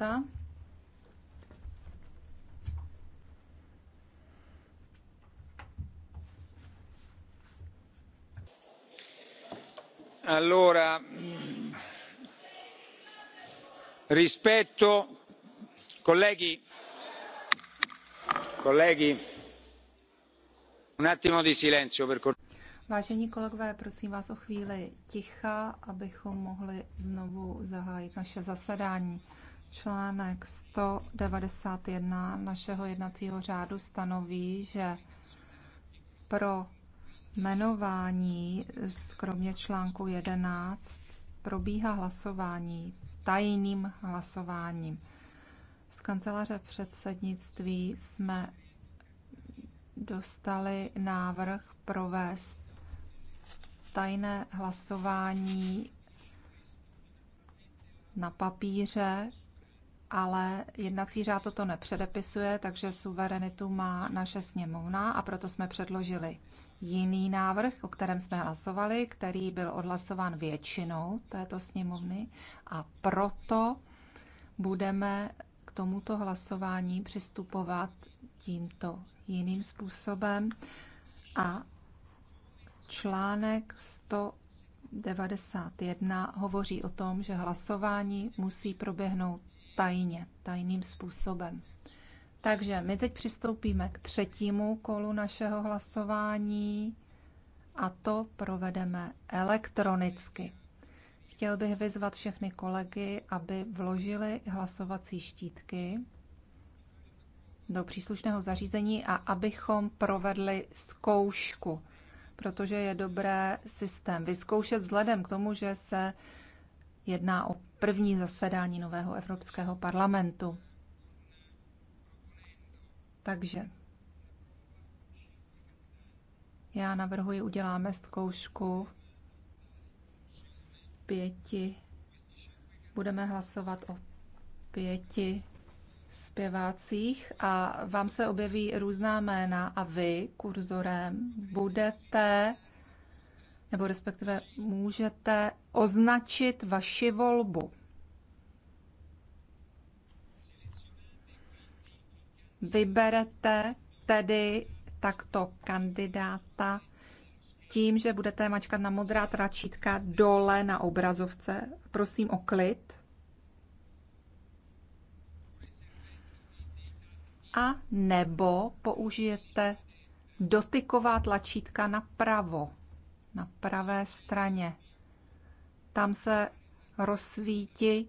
data. Allora, rispetto, colleghi, colleghi, un attimo di silenzio per cortesia. Vážení kolegové, prosím vás o chvíli ticha, abychom mohli znovu zahájit naše zasedání. Článek 191 našeho jednacího řádu stanoví, že pro jmenování, kromě článku 11, probíhá hlasování tajným hlasováním. Z kanceláře předsednictví jsme dostali návrh provést tajné hlasování na papíře ale jednací řád toto nepředepisuje, takže suverenitu má naše sněmovna a proto jsme předložili jiný návrh, o kterém jsme hlasovali, který byl odhlasován většinou této sněmovny a proto budeme k tomuto hlasování přistupovat tímto jiným způsobem a článek 191 hovoří o tom, že hlasování musí proběhnout tajně, tajným způsobem. Takže my teď přistoupíme k třetímu kolu našeho hlasování a to provedeme elektronicky. Chtěl bych vyzvat všechny kolegy, aby vložili hlasovací štítky do příslušného zařízení a abychom provedli zkoušku, protože je dobré systém vyzkoušet vzhledem k tomu, že se jedná o první zasedání nového Evropského parlamentu. Takže já navrhuji, uděláme zkoušku pěti. Budeme hlasovat o pěti zpěvácích a vám se objeví různá jména a vy kurzorem budete nebo respektive můžete označit vaši volbu. Vyberete tedy takto kandidáta tím, že budete mačkat na modrá tračítka dole na obrazovce. Prosím o klid. A nebo použijete dotyková tlačítka napravo na pravé straně. Tam se rozsvítí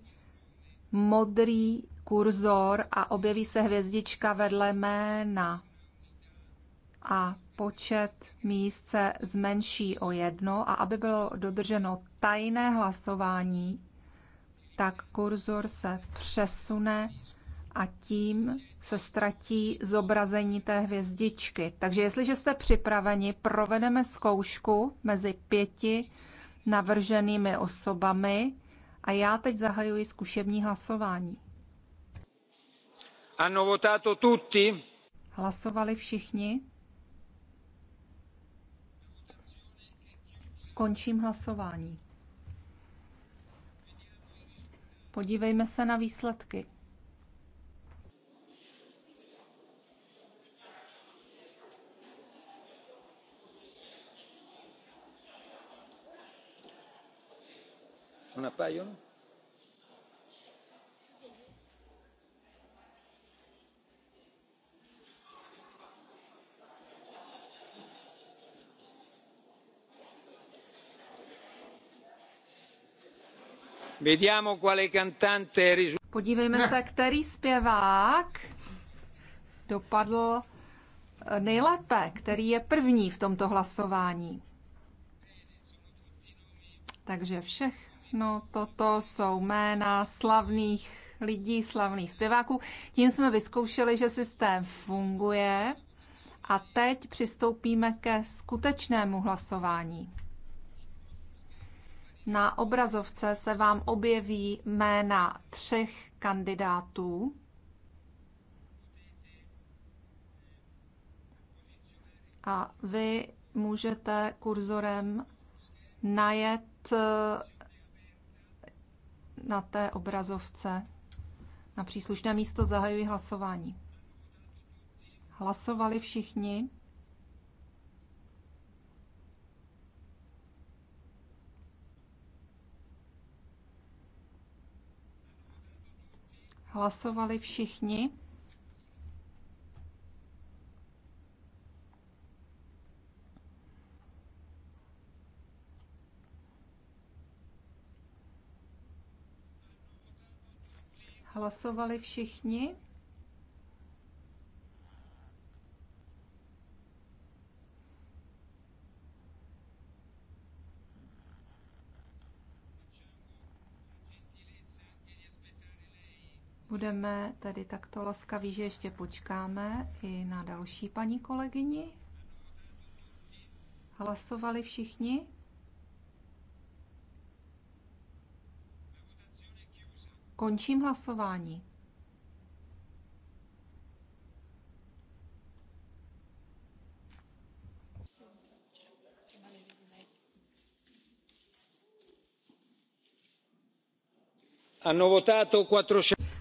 modrý kurzor a objeví se hvězdička vedle jména. A počet míst se zmenší o jedno a aby bylo dodrženo tajné hlasování, tak kurzor se přesune a tím se ztratí zobrazení té hvězdičky. Takže jestliže jste připraveni, provedeme zkoušku mezi pěti navrženými osobami a já teď zahajuji zkušební hlasování. Hanno votato tutti? Hlasovali všichni? Končím hlasování. Podívejme se na výsledky. Podívejme se, který zpěvák dopadl eh, nejlépe, který je první v tomto hlasování. Takže všech No, toto jsou jména slavných lidí, slavných zpěváků. Tím jsme vyzkoušeli, že systém funguje a teď přistoupíme ke skutečnému hlasování. Na obrazovce se vám objeví jména třech kandidátů. A vy můžete kurzorem najet na té obrazovce na příslušné místo zahajuji hlasování. Hlasovali všichni. Hlasovali všichni. Hlasovali všichni? Budeme tedy takto laskaví, že ještě počkáme i na další paní kolegyni. Hlasovali všichni? Končím hlasování.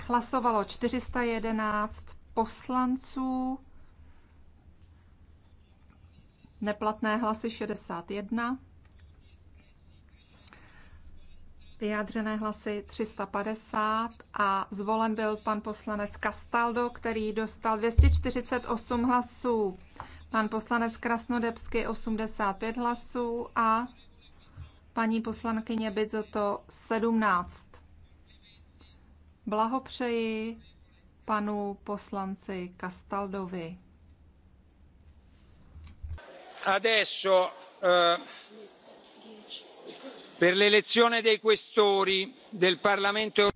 Hlasovalo 411 poslanců, neplatné hlasy 61. vyjádřené hlasy 350 a zvolen byl pan poslanec Castaldo, který dostal 248 hlasů, pan poslanec Krasnodebsky 85 hlasů a paní poslankyně Bidzoto 17. Blahopřeji panu poslanci Castaldovi. Adesso, uh per l'elezione dei questori del Parlamento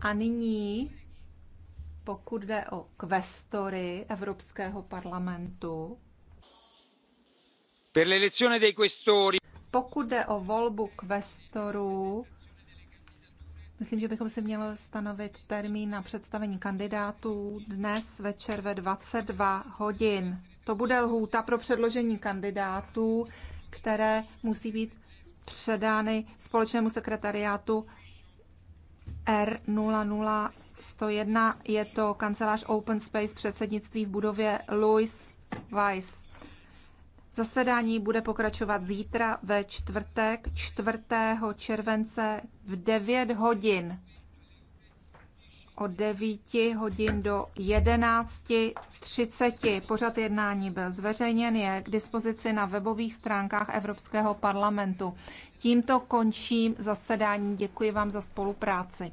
A nyní, pokud jde o kvestory Evropského parlamentu, per l'elezione dei questori pokud jde o volbu kvestorů, myslím, že bychom si měli stanovit termín na představení kandidátů dnes večer ve 22 hodin. To bude lhůta pro předložení kandidátů, které musí být předány společnému sekretariátu R00101. Je to kancelář Open Space předsednictví v budově Louis Weiss. Zasedání bude pokračovat zítra ve čtvrtek 4. července v 9 hodin od 9 hodin do 11.30. Pořad jednání byl zveřejněn, je k dispozici na webových stránkách Evropského parlamentu. Tímto končím zasedání. Děkuji vám za spolupráci.